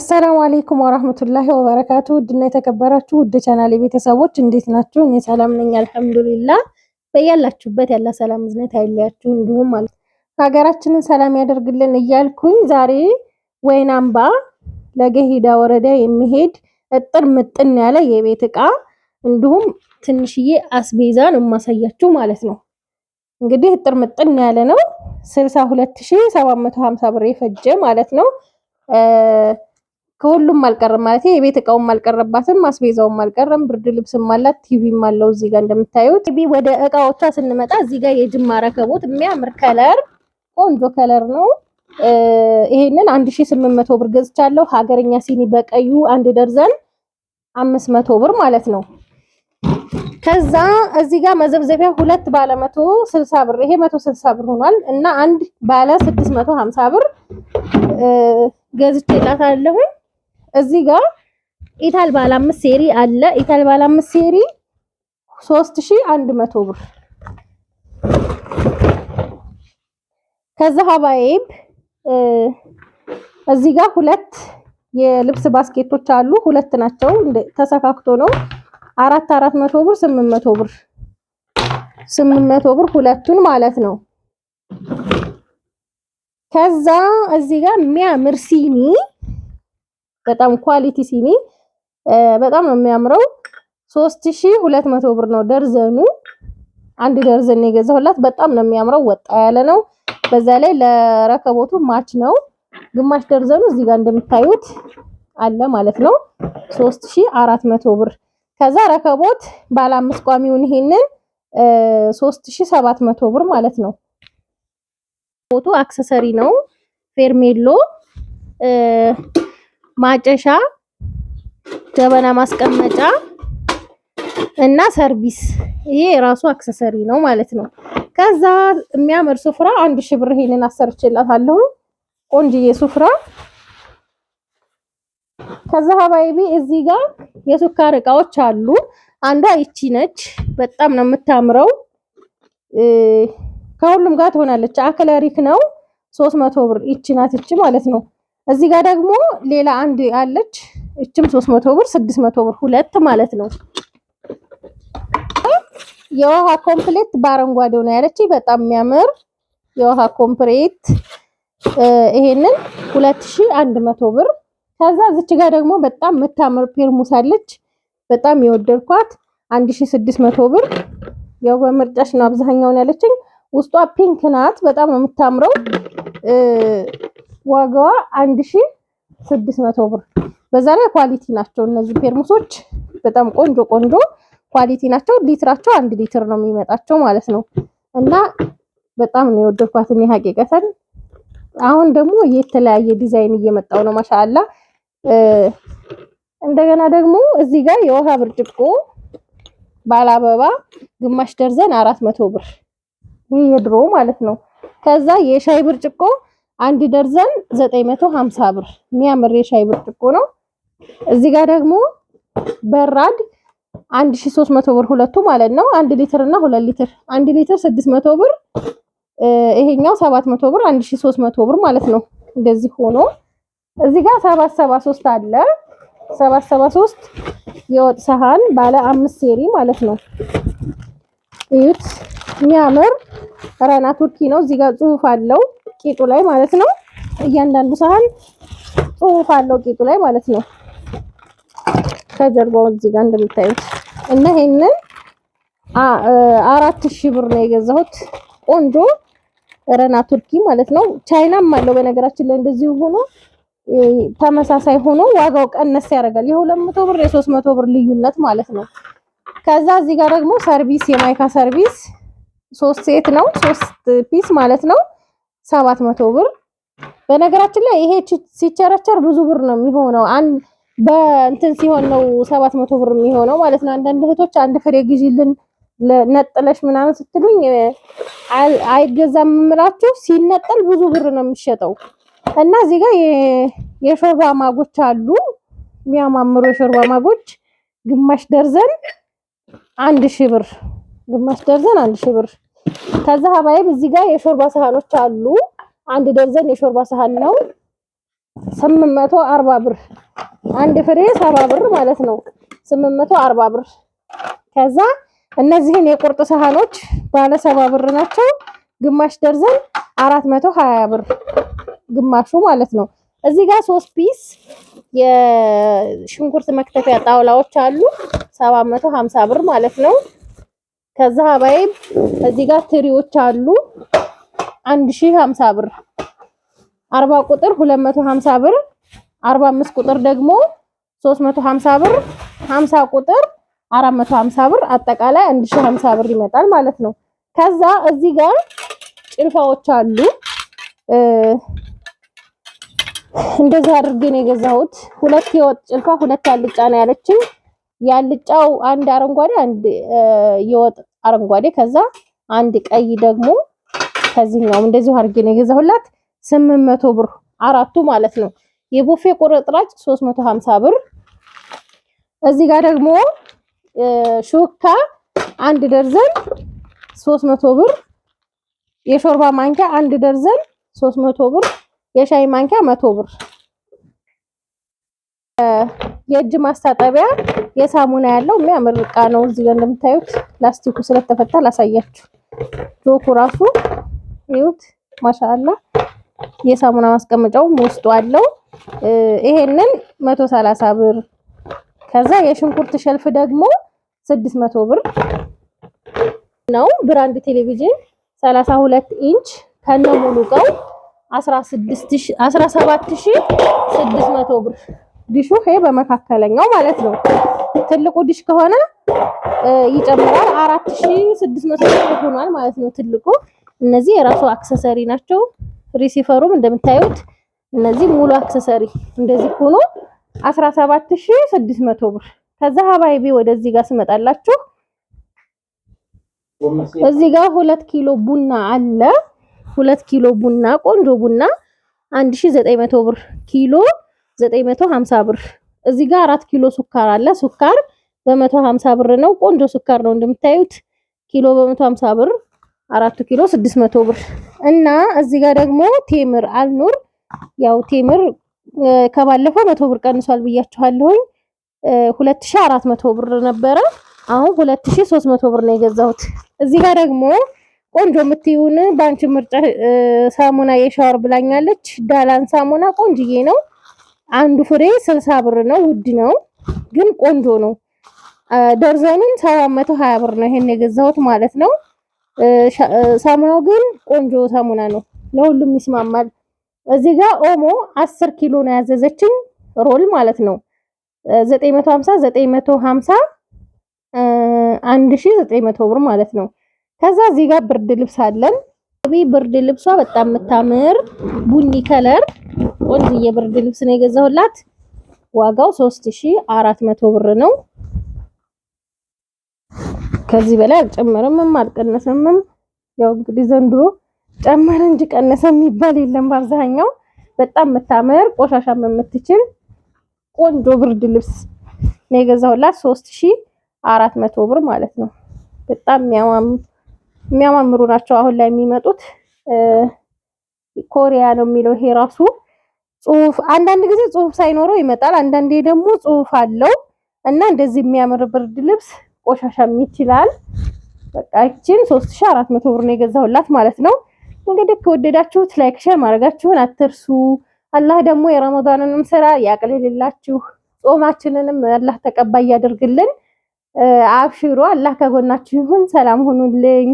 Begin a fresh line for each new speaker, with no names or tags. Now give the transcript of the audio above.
አሰላሙ አሌይኩም ወራህመቱላሂ ወበረካቱ ውድና የተከበራችሁ ውድ ቻናል ቤተሰቦች እንዴት ናችሁ? እኔ ሰላም ነኝ አልሐምዱሊላ። በያላችሁበት ያለ ሰላም እዝነት አይለያችሁ፣ እንዲሁም ማለት ሀገራችንን ሰላም ያደርግልን እያልኩኝ ዛሬ ወይናምባ ለገሂዳ ወረዳ የሚሄድ እጥር ምጥን ያለ የቤት እቃ እንዲሁም ትንሽዬ አስቤዛ ነው የማሳያችሁ ማለት ነው። እንግዲህ እጥር ምጥን ያለ ነው 62750 ብር የፈጀ ማለት ነው። ከሁሉም አልቀረም ማለት የቤት እቃውም አልቀረባትም፣ አስቤዛውም አልቀረም፣ ብርድ ልብስም አላት፣ ቲቪም አለው እዚህ ጋር እንደምታዩት። ቢ ወደ እቃዎቿ ስንመጣ እዚህ ጋር የጅማ ረከቦት የሚያምር ከለር፣ ቆንጆ ከለር ነው። ይሄንን 1800 ብር ገዝቻለሁ። ሀገርኛ ሲኒ በቀዩ አንድ ደርዘን 500 ብር ማለት ነው። ከዛ እዚህ ጋር መዘብዘቢያ ሁለት ባለ 160 ብር ይሄ 160 ብር ሆኗል እና አንድ ባለ 650 ብር ገዝቼላታለሁ። እዚህ ጋር ኢታል ባለ አምስት ሴሪ አለ። ኢታል ባለ አምስት ሴሪ 3100 ብር። ከዛ ሀባይብ እዚህ ጋር ሁለት የልብስ ባስኬቶች አሉ። ሁለት ናቸው ተሰካክቶ ነው። አራት አራት መቶ ብር ስምንት መቶ ብር ስምንት መቶ ብር ሁለቱን ማለት ነው። ከዛ እዚህ ጋር ሚያምር ሲኒ በጣም ኳሊቲ ሲኒ በጣም ነው የሚያምረው። 3200 ብር ነው ደርዘኑ። አንድ ደርዘን የገዛሁላት በጣም ነው የሚያምረው። ወጣ ያለ ነው። በዛ ላይ ለረከቦቱ ማች ነው። ግማሽ ደርዘኑ እዚህ ጋር እንደምታዩት አለ ማለት ነው። 3400 ብር። ከዛ ረከቦት ባለ አምስት ቋሚውን ይሄንን 3700 ብር ማለት ነው። ፎቶ አክሰሰሪ ነው ፌርሜሎ ማጨሻ፣ ጀበና ማስቀመጫ እና ሰርቪስ። ይሄ የራሱ አክሰሰሪ ነው ማለት ነው። ከዛ የሚያምር ስፍራ አንድ ሺህ ብር ይሄንን አሰርችላታለሁ። ቆንጅዬ ስፍራ። ከዛ ሀባይቢ እዚህ ጋር የሱካር እቃዎች አሉ። አንዷ ይቺ ነች። በጣም ነው የምታምረው። ከሁሉም ጋር ትሆናለች። አክለሪክ ነው 300 ብር ይቺ ናት። ይቺ ማለት ነው እዚህ ጋር ደግሞ ሌላ አንድ አለች። እችም 300 ብር 600 ብር ሁለት ማለት ነው። የውሃ ኮምፕሌት በአረንጓዴው ነው ያለች። በጣም የሚያምር የውሃ ኮምፕሌት ይሄንን 2100 ብር። ከዛ እዚች ጋር ደግሞ በጣም የምታምር ፔርሙስ አለች። በጣም የወደድኳት 1600 ብር። ያው በምርጫሽ ነው አብዛኛውን ያለችኝ። ውስጧ ፒንክ ናት። በጣም ነው የምታምረው ዋጋዋ 1600 ብር። በዛ ላይ ኳሊቲ ናቸው እነዚህ ፔርሙሶች በጣም ቆንጆ ቆንጆ ኳሊቲ ናቸው። ሊትራቸው አንድ ሊትር ነው የሚመጣቸው ማለት ነው። እና በጣም ነው የወደድኳት እኔ ሀቂቀተን። አሁን ደግሞ የተለያየ ዲዛይን እየመጣው ነው ማሻአላ። እንደገና ደግሞ እዚህ ጋር የውሃ ብርጭቆ ባለ አበባ ግማሽ ደርዘን አራት መቶ ብር ይህ የድሮ ማለት ነው። ከዛ የሻይ ብርጭቆ አንድ ደርዘን 950 ብር የሚያምር የሻይ ብርጭቆ ነው። እዚህ ጋር ደግሞ በራድ 1300 ብር ሁለቱ ማለት ነው። 1 ሊትር እና 2 ሊትር 1 ሊትር 600 ብር፣ ይሄኛው 700 ብር፣ 1300 ብር ማለት ነው። እንደዚህ ሆኖ እዚህ ጋር 773 አለ። 773 የወጥ ሰሃን ባለ አምስት ሴሪ ማለት ነው። እዩት የሚያምር ረና ቱርኪ ነው። እዚህ ጋር ጽሁፍ አለው ቂጡ ላይ ማለት ነው። እያንዳንዱ ሳህን ጽሁፍ አለው ቂጡ ላይ ማለት ነው። ከጀርባው እዚህ ጋር እንደምታዩት እና ይሄንን አራት ሺህ ብር ነው የገዛሁት። ቆንጆ ረና ቱርኪ ማለት ነው። ቻይናም አለው በነገራችን ላይ እንደዚሁ ሆኖ ተመሳሳይ ሆኖ ዋጋው ቀነስ ያደርጋል። የሁለት መቶ ብር የሶስት መቶ ብር ልዩነት ማለት ነው። ከዛ እዚህ ጋር ደግሞ ሰርቪስ የማይካ ሰርቪስ ሶስት ሴት ነው ሶስት ፒስ ማለት ነው። ሰባት መቶ ብር። በነገራችን ላይ ይሄ ሲቸረቸር ብዙ ብር ነው የሚሆነው። አንድ በእንትን ሲሆን ነው ሰባት መቶ ብር የሚሆነው ማለት ነው። አንዳንድ እህቶች አንድ ፍሬ ግዢልን ነጥለሽ ምናምን ስትሉኝ አይገዛም የምላችሁ፣ ሲነጠል ብዙ ብር ነው የሚሸጠው። እና እዚህ ጋር የሾርባ ማጎች አሉ የሚያማምሩ የሾርባ ማጎች ግማሽ ደርዘን አንድ ሺህ ብር ግማሽ ደርዘን አንድ ሺህ ብር ከዛ ሀባይብ እዚህ ጋር የሾርባ ሰሃኖች አሉ። አንድ ደርዘን የሾርባ ሰሃን ነው 840 ብር፣ አንድ ፍሬ 70 ብር ማለት ነው 840 ብር። ከዛ እነዚህን የቁርጥ ሰሃኖች ባለ 70 ብር ናቸው። ግማሽ ደርዘን 420 ብር ግማሹ ማለት ነው። እዚህ ጋር ሶስት ፒስ የሽንኩርት መክተፊያ ጣውላዎች አሉ 750 ብር ማለት ነው። ከዛ ሀባይም እዚህ ጋር ትሪዎች አሉ 1050 ብር 40 ቁጥር 250 ብር 45 ቁጥር ደግሞ 350 ብር 50 ቁጥር 450 ብር አጠቃላይ 1050 ብር ይመጣል ማለት ነው። ከዛ እዚህ ጋር ጭልፋዎች አሉ እንደዚህ አድርገን የገዛሁት። ሁለት የወጥ ጭልፋ ሁለት አልጫ ነው ያለችኝ። ያልጫው አንድ አረንጓዴ አንድ የወጥ አረንጓዴ ከዛ አንድ ቀይ ደግሞ ከዚህኛው እንደዚሁ አድርጌ ነው የገዛሁላት። 800 ብር አራቱ ማለት ነው። የቡፌ ቁርጥራጭ 350 ብር። እዚህ ጋር ደግሞ ሹካ አንድ ደርዘን 300 ብር። የሾርባ ማንኪያ አንድ ደርዘን 300 ብር። የሻይ ማንኪያ 100 ብር። የእጅ ማስታጠቢያ የሳሙና ያለው የሚያምር እቃ ነው። እዚህ ጋር እንደምታዩት ላስቲኩ ስለተፈታ ላሳያችሁ። ጆኩ ራሱ ይዩት፣ ማሻአላ የሳሙና ማስቀመጫው ውስጡ አለው። ይሄንን 130 ብር፣ ከዛ የሽንኩርት ሸልፍ ደግሞ 600 ብር ነው። ብራንድ ቴሌቪዥን 32 ኢንች ከነ ሙሉ እቃው 17600 ብር ዲሹ ይሄ በመካከለኛው ማለት ነው። ትልቁ ዲሽ ከሆነ ይጨምራል። አራት ብር ስድስት ሆኗል ማለት ነው ትልቁ። እነዚህ የራሱ አክሰሰሪ ናቸው። ሪሲቨሩም እንደምታዩት እነዚህ ሙሉ አክሰሰሪ እንደዚህ ሆኖ 17600 ብር። ከዛ ሀባይቢ ወደዚህ ጋር ስመጣላችሁ እዚህ ጋር ሁለት ኪሎ ቡና አለ። ሁለት ኪሎ ቡና ቆንጆ ቡና 1900 ብር ኪሎ 950 ብር። እዚ ጋር አራት ኪሎ ሱካር አለ። ሱካር በ150 ብር ነው። ቆንጆ ሱካር ነው እንደምታዩት። ኪሎ በ150 ብር፣ 4 ኪሎ 600 ብር እና እዚህ ጋር ደግሞ ቴምር አልኑር ያው ቴምር ከባለፈ መቶ ብር ቀንሷል ብያችኋለሁኝ። 2400 ብር ነበረ አሁን 2300 ብር ነው የገዛሁት። እዚህ ጋር ደግሞ ቆንጆ የምትይውን በአንቺ ምርጫ ሳሙና የሻወር ብላኛለች። ዳላን ሳሙና ቆንጅዬ ነው። አንዱ ፍሬ ስልሳ ብር ነው። ውድ ነው ግን ቆንጆ ነው። ደርዘኑን ሰባት መቶ ሀያ ብር ነው ይሄን የገዛሁት ማለት ነው። ሳሙናው ግን ቆንጆ ሳሙና ነው፣ ለሁሉም ይስማማል። እዚህ ጋር ኦሞ 10 ኪሎ ነው ያዘዘችኝ ሮል ማለት ነው 950 950 1900 ብር ማለት ነው። ከዛ እዚህ ጋር ብርድ ልብስ አለን። ብርድ ልብሷ በጣም የምታምር ቡኒ ከለር ቆንጆ የብርድ ልብስ ነው የገዛሁላት። ዋጋው 3400 ብር ነው። ከዚህ በላይ አልጨመረምም አልቀነሰምም። ያው እንግዲህ ዘንድሮ ጨመረ እንጂ ቀነሰ የሚባል የለም። በአብዛኛው በጣም የምታምር ቆሻሻ የምትችል ቆንጆ ብርድ ልብስ ነው የገዛሁላት 3400 ብር ማለት ነው። በጣም የሚያማምሩ ናቸው አሁን ላይ የሚመጡት። ኮሪያ ነው የሚለው ይሄ ራሱ ጽሁፍ አንዳንድ ጊዜ ጽሁፍ ሳይኖረው ይመጣል። አንዳንዴ ደግሞ ጽሁፍ አለው እና እንደዚህ የሚያምር ብርድ ልብስ ቆሻሻም ይችላል። በቃ ይችን 3400 ብር ነው የገዛሁላት ማለት ነው። እንግዲህ ከወደዳችሁት ላይክ፣ ሼር ማድረጋችሁን አትርሱ። አላህ ደግሞ የረመዳንንም ስራ ያቅልልላችሁ፣ ጾማችንንም አላህ ተቀባይ ያደርግልን። አብሽሮ አላህ ከጎናችሁ ይሁን። ሰላም ሁኑልኝ።